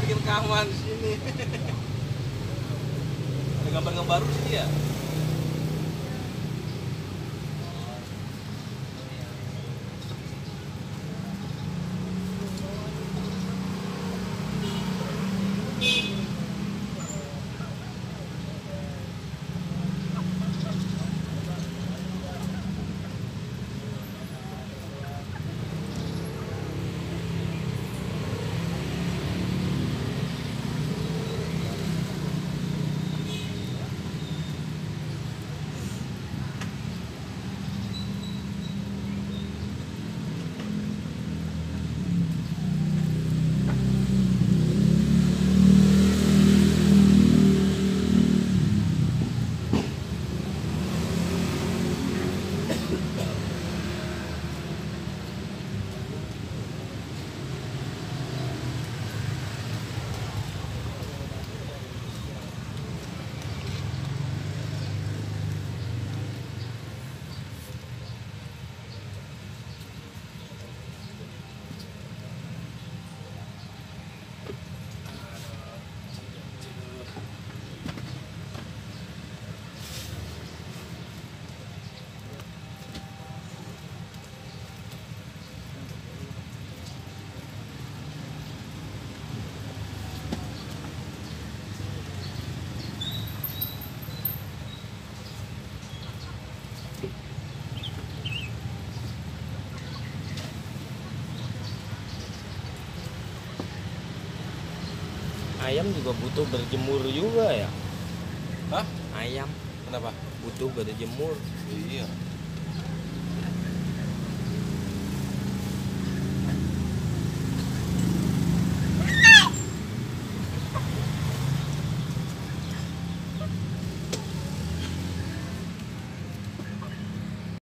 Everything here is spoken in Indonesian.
bikin kawan di sini. Ada gambar-gambar baru sih ya? ayam juga butuh berjemur juga ya? Hah? Ayam. Kenapa? Butuh berjemur. Iya.